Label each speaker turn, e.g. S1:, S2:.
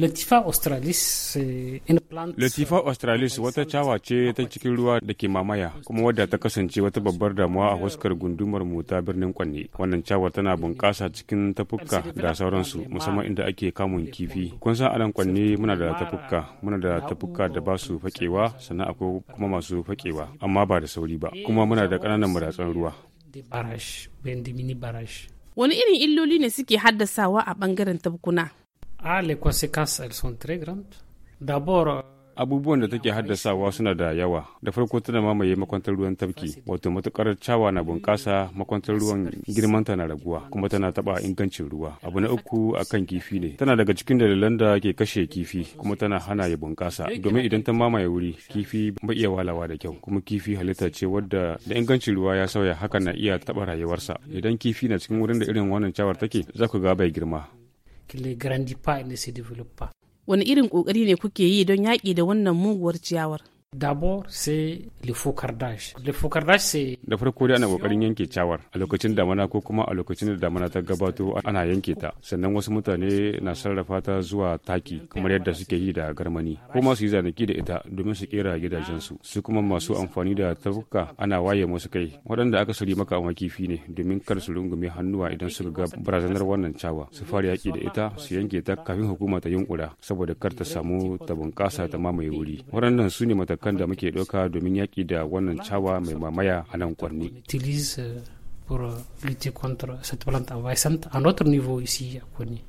S1: Latifa australis euh, wata cawa ce ta cikin ruwa da ke mamaya kuma wadda ta kasance wata babbar damuwa a huskar gundumar mu ta birnin Kwanne. Wannan cawa tana bunƙasa cikin tafukka da sauransu musamman inda ake kamun kifi. Kun san anan Kwanne muna da tafukka, muna da tafukka da ba su fakewa sannan akwai kuma masu fakewa amma ba da sauri ba. Kuma muna da ƙananan ruwa. Wani irin illoli ne suke haddasawa a ɓangaren tabkuna? a les conséquences, elles sont très grandes. D'abord, abubuwan da take haddasawa suna da yawa da farko tana mamaye makwantar ruwan tafki wato matukar cawa na bunƙasa makwantar ruwan ta na raguwa kuma tana taba ingancin ruwa abu na uku akan kifi ne tana daga cikin dalilan da ke kashe kifi kuma tana hana ya e bunƙasa domin idan ta mamaye wuri kifi ba iya e walawa da kyau kuma kifi halitta ce wadda da ingancin ruwa ya sauya haka na iya taba rayuwarsa e idan kifi na cikin wurin da irin wannan cawar take za ku ga bai girma les grandit pas ne se développe pas wani irin kokari ne kuke yi don yaƙi da wannan muguwar ciyawar D'abord, c'est le focardage. Le focardage c'est Da farko dai ana kokarin yanke cawar a lokacin damana ko kuma a lokacin da damana ta gabato ana yanke ta. Sannan wasu mutane na sarrafa ta zuwa taki kamar yadda suke yi da garmani ko ma su yi zanaki da ita domin su kera gidajen Su su kuma masu amfani da tafuka ana waye musu kai waɗanda aka suri maka a kifi ne domin kar su rungume hannuwa idan suka ga barazanar wannan cawa. Su fara yaki da ita su yanke ta kafin hukuma ta yunkura saboda kar ta samu ta bunƙasa ta mamaye wuri. Waɗannan su ne mata matakan da muke ɗauka domin yaƙi da wannan cawa mai mamaya a nan kwanni. Euh, pour euh, lutter contre cette plante envahissante à notre niveau ici à Kony.